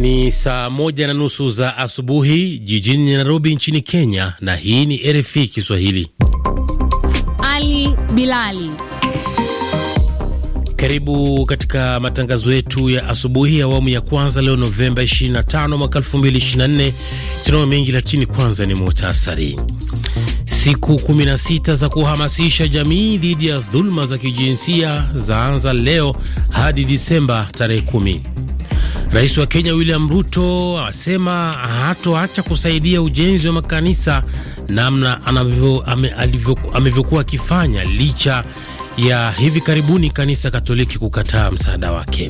Ni saa moja na nusu za asubuhi jijini Nairobi nchini Kenya, na hii ni RFI Kiswahili. Ali Bilali, karibu katika matangazo yetu ya asubuhi, awamu ya kwanza, leo Novemba 25 mwaka 2024. Tunayo mengi, lakini kwanza ni muhtasari. Siku 16 za kuhamasisha jamii dhidi ya dhuluma za kijinsia zaanza leo hadi Disemba tarehe 10. Rais wa Kenya William Ruto asema hatoacha kusaidia ujenzi wa makanisa namna amevyokuwa akifanya licha ya hivi karibuni kanisa Katoliki kukataa msaada wake.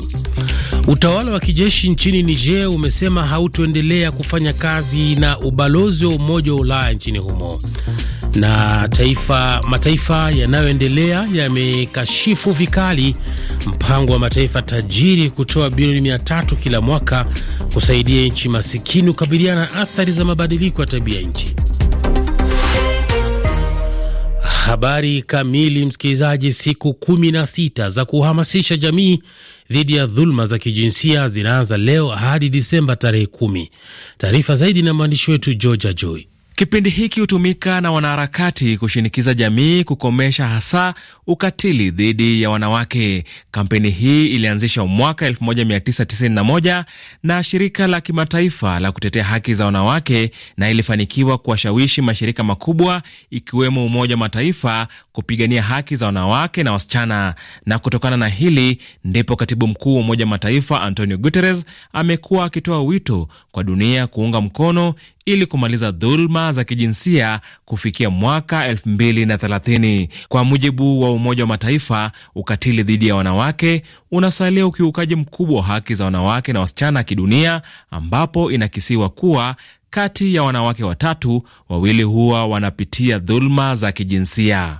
Utawala wa kijeshi nchini Niger umesema hautoendelea kufanya kazi na ubalozi wa Umoja wa Ulaya nchini humo na taifa, mataifa yanayoendelea yamekashifu vikali mpango wa mataifa tajiri kutoa bilioni mia tatu kila mwaka kusaidia nchi masikini kukabiliana na athari za mabadiliko ya tabia nchi. Habari kamili, msikilizaji. Siku kumi na sita za kuhamasisha jamii dhidi ya dhuluma za kijinsia zinaanza leo hadi Disemba tarehe kumi. Taarifa zaidi na mwandishi wetu Georgia Joy. Kipindi hiki hutumika na wanaharakati kushinikiza jamii kukomesha hasa ukatili dhidi ya wanawake. Kampeni hii ilianzishwa mwaka 1991 na shirika la kimataifa la kutetea haki za wanawake na ilifanikiwa kuwashawishi mashirika makubwa ikiwemo Umoja wa Mataifa kupigania haki za wanawake na wasichana. Na kutokana na hili ndipo katibu mkuu wa Umoja wa Mataifa Antonio Guterres amekuwa akitoa wito kwa dunia kuunga mkono ili kumaliza dhuluma za kijinsia kufikia mwaka 2030. Kwa mujibu wa Umoja wa Mataifa, ukatili dhidi ya wanawake unasalia ukiukaji mkubwa wa haki za wanawake na wasichana kidunia, ambapo inakisiwa kuwa kati ya wanawake watatu wawili huwa wanapitia dhuluma za kijinsia.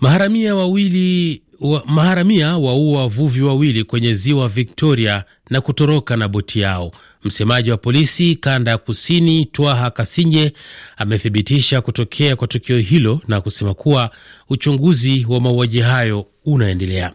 Maharamia wawili wa, maharamia waua wavuvi wawili kwenye ziwa Victoria na kutoroka na boti yao. Msemaji wa polisi kanda ya kusini Twaha Kasinje amethibitisha kutokea kwa tukio hilo na kusema kuwa uchunguzi wa mauaji hayo unaendelea.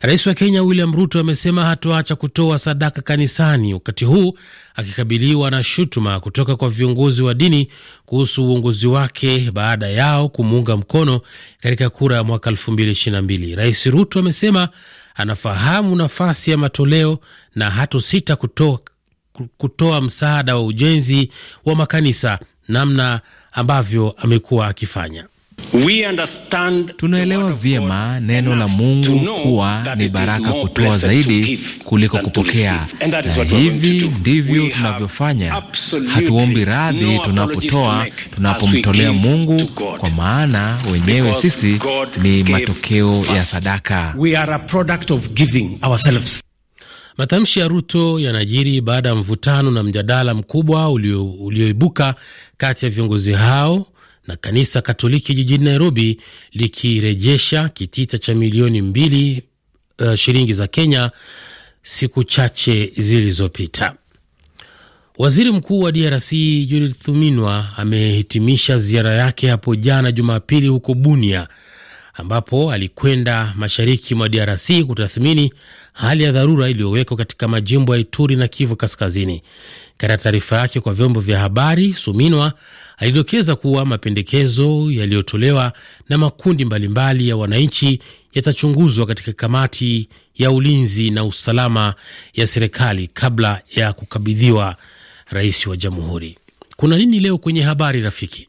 Rais wa Kenya William Ruto amesema hatoacha kutoa sadaka kanisani, wakati huu akikabiliwa na shutuma kutoka kwa viongozi wa dini kuhusu uongozi wake baada yao kumuunga mkono katika kura ya mwaka 2022. Rais Ruto amesema anafahamu nafasi ya matoleo na hatusita kutoa, kutoa msaada wa ujenzi wa makanisa namna ambavyo amekuwa akifanya. Tunaelewa vyema neno la Mungu kuwa ni baraka kutoa zaidi kuliko kupokea, na hivi ndivyo tunavyofanya. Hatuombi radhi tunapotoa, tunapomtolea Mungu, kwa maana wenyewe sisi ni matokeo ya sadaka. Matamshi ya Ruto yanajiri baada ya mvutano na mjadala mkubwa ulioibuka kati ya viongozi hao na kanisa Katoliki jijini Nairobi likirejesha kitita cha milioni mbili uh, shilingi za Kenya siku chache zilizopita. Waziri mkuu wa DRC Judith Thuminwa amehitimisha ziara yake hapo jana Jumapili huko Bunia, ambapo alikwenda mashariki mwa DRC kutathmini hali ya dharura iliyowekwa katika majimbo ya Ituri na Kivu Kaskazini. Katika taarifa yake kwa vyombo vya habari, Suminwa alidokeza kuwa mapendekezo yaliyotolewa na makundi mbalimbali mbali ya wananchi yatachunguzwa katika kamati ya ulinzi na usalama ya serikali kabla ya kukabidhiwa rais wa jamhuri. Kuna nini leo kwenye habari rafiki?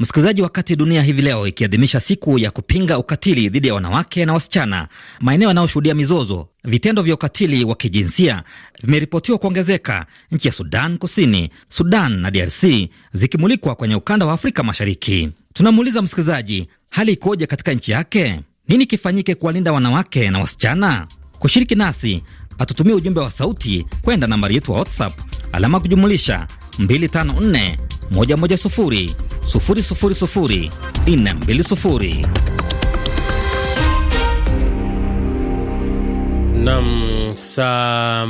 Msikilizaji, wakati dunia hivi leo ikiadhimisha siku ya kupinga ukatili dhidi ya wanawake na wasichana, maeneo yanayoshuhudia mizozo, vitendo vya ukatili wa kijinsia vimeripotiwa kuongezeka, nchi ya Sudan Kusini, Sudan na DRC zikimulikwa kwenye ukanda wa Afrika Mashariki. Tunamuuliza msikilizaji, hali ikoje katika nchi yake? Nini kifanyike kuwalinda wanawake na wasichana? Kushiriki nasi atutumie ujumbe wa sauti kwenda nambari yetu wa WhatsApp alama kujumulisha 254 Nam, saa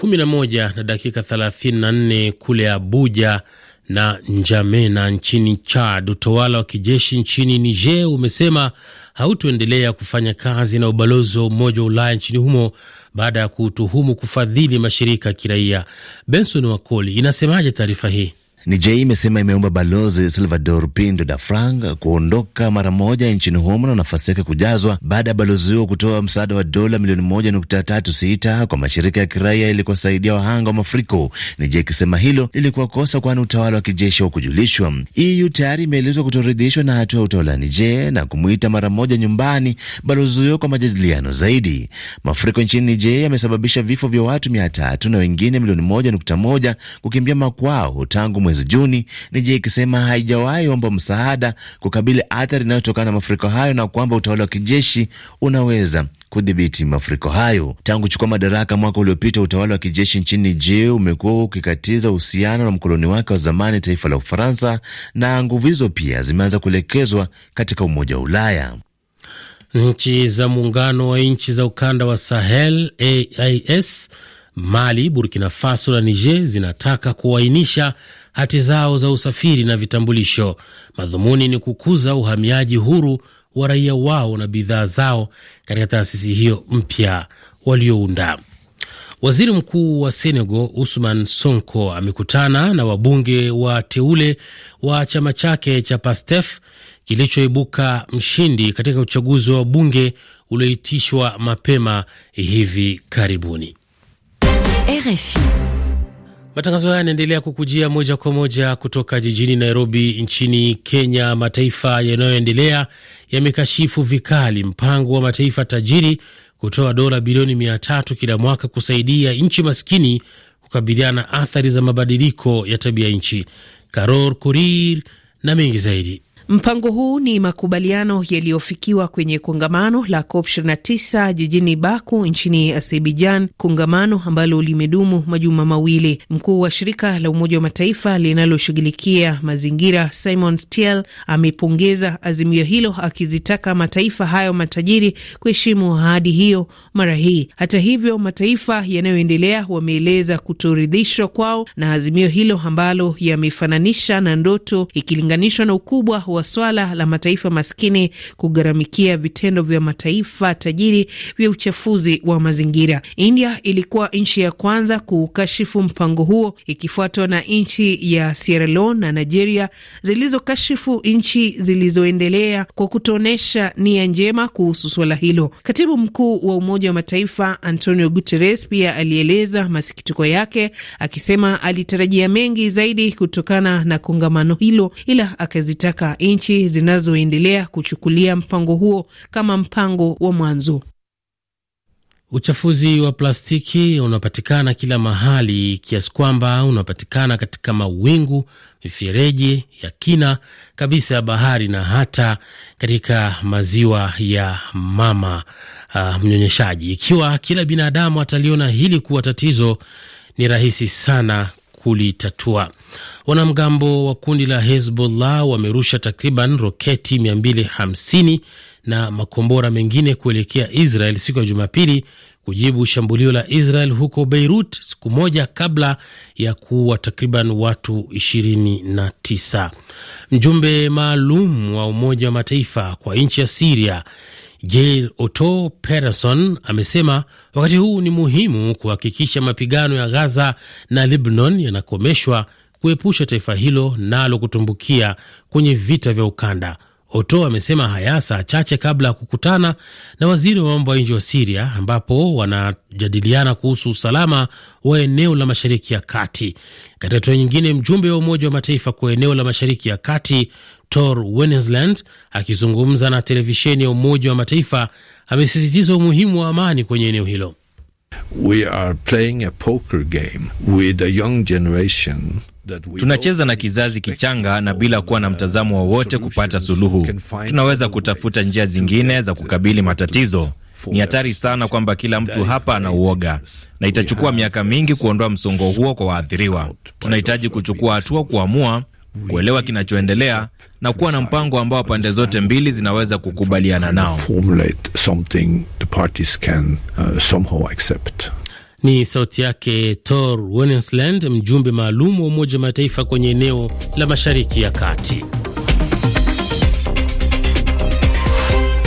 11 na dakika 34 kule Abuja na Njamena nchini Chad. Utawala wa kijeshi nchini Niger umesema hautoendelea kufanya kazi na ubalozi wa Umoja wa Ulaya nchini humo baada ya kutuhumu kufadhili mashirika ya kiraia. Benson Wakoli, inasemaje taarifa hii? Nije imesema imeomba balozi Salvador Pindo da Frank kuondoka mara moja nchini humo na nafasi yake kujazwa baada ya balozi huo kutoa msaada wa dola milioni moja nukta tatu sita kwa mashirika ya kiraia ili kuwasaidia wahanga wa mafuriko. Nije ikisema hilo lilikuwa kosa, kwani utawala wa kijeshi haukujulishwa. EU tayari imeelezwa kutoridhishwa na hatua ya utawala Nije na kumwita mara moja nyumbani balozi huyo kwa majadiliano zaidi. Mafuriko nchini Nije yamesababisha vifo vya watu mia tatu na wengine milioni moja nukta moja kukimbia makwao tangu mwezi Juni, Nigeria ikisema haijawahi omba msaada kukabili athari inayotokana na mafuriko hayo na kwamba utawala wa kijeshi unaweza kudhibiti mafuriko hayo. Tangu kuchukua madaraka mwaka uliopita, utawala wa kijeshi nchini Niger umekuwa ukikatiza uhusiano na mkoloni wake wa zamani, taifa la Ufaransa, na nguvu hizo pia zimeanza kuelekezwa katika Umoja wa Ulaya. Nchi za muungano wa nchi za ukanda wa Sahel AIS Mali, Burkina Faso na Niger zinataka kuainisha hati zao za usafiri na vitambulisho. Madhumuni ni kukuza uhamiaji huru wa raia wao na bidhaa zao katika taasisi hiyo mpya waliounda. Waziri Mkuu wa Senegal Usman Sonko amekutana na wabunge wa teule wa chama chake cha Pastef kilichoibuka mshindi katika uchaguzi wa bunge ulioitishwa mapema hivi karibuni. RFI. Matangazo haya yanaendelea kukujia moja kwa moja kutoka jijini Nairobi nchini Kenya. Mataifa yanayoendelea yamekashifu vikali mpango wa mataifa tajiri kutoa dola bilioni mia tatu kila mwaka kusaidia nchi maskini kukabiliana athari za mabadiliko ya tabia nchi. Karor Kurir na mengi zaidi. Mpango huu ni makubaliano yaliyofikiwa kwenye kongamano la COP 29 jijini Baku nchini Azerbaijan, kongamano ambalo limedumu majuma mawili. Mkuu wa shirika la Umoja wa Mataifa linaloshughulikia mazingira Simon Stiel amepongeza azimio hilo, akizitaka mataifa hayo matajiri kuheshimu ahadi hiyo mara hii. Hata hivyo, mataifa yanayoendelea wameeleza kutoridhishwa kwao na azimio hilo ambalo yamefananisha na ndoto ikilinganishwa na ukubwa wa swala la mataifa maskini kugharamikia vitendo vya mataifa tajiri vya uchafuzi wa mazingira. India ilikuwa nchi ya kwanza kukashifu mpango huo ikifuatwa na nchi ya Sierra Leone na Nigeria zilizokashifu nchi zilizoendelea kwa kutoonyesha nia njema kuhusu swala hilo. Katibu mkuu wa Umoja wa Mataifa Antonio Guterres pia alieleza masikitiko yake akisema alitarajia mengi zaidi kutokana na kongamano hilo, ila akazitaka nchi zinazoendelea kuchukulia mpango huo kama mpango wa mwanzo. Uchafuzi wa plastiki unapatikana kila mahali kiasi kwamba unapatikana katika mawingu, mifereji ya kina kabisa ya bahari na hata katika maziwa ya mama uh, mnyonyeshaji. Ikiwa kila binadamu ataliona hili kuwa tatizo, ni rahisi sana kulitatua. Wanamgambo wa kundi la Hezbollah wamerusha takriban roketi 250 na makombora mengine kuelekea Israel siku ya Jumapili kujibu shambulio la Israel huko Beirut siku moja kabla ya kuua takriban watu 29. Mjumbe maalum wa Umoja wa Mataifa kwa nchi ya Siria Jair Otto Peterson amesema wakati huu ni muhimu kuhakikisha mapigano ya Gaza na Lebanon yanakomeshwa kuepusha taifa hilo nalo kutumbukia kwenye vita vya ukanda. Oto amesema haya saa chache kabla ya kukutana na waziri wa mambo ya nje wa Siria, ambapo wanajadiliana kuhusu usalama wa eneo la mashariki ya kati. Katika hatua nyingine, mjumbe wa Umoja wa Mataifa kwa eneo la mashariki ya kati Tor Wennesland akizungumza na televisheni ya Umoja wa Mataifa amesisitiza umuhimu wa amani kwenye eneo hilo. We are playing a poker game with a young generation. Tunacheza na kizazi kichanga na bila kuwa na uh, mtazamo wowote kupata suluhu. Tunaweza kutafuta njia zingine za kukabili matatizo. Ni hatari sana kwamba kila mtu hapa ana uoga, na itachukua miaka mingi kuondoa msongo huo kwa waathiriwa. Tunahitaji kuchukua hatua, kuamua, kuelewa kinachoendelea na kuwa na mpango ambao pande zote mbili zinaweza kukubaliana nao. Uh, Ni sauti yake Tor Wennesland, mjumbe maalum wa Umoja wa Mataifa kwenye eneo la Mashariki ya Kati.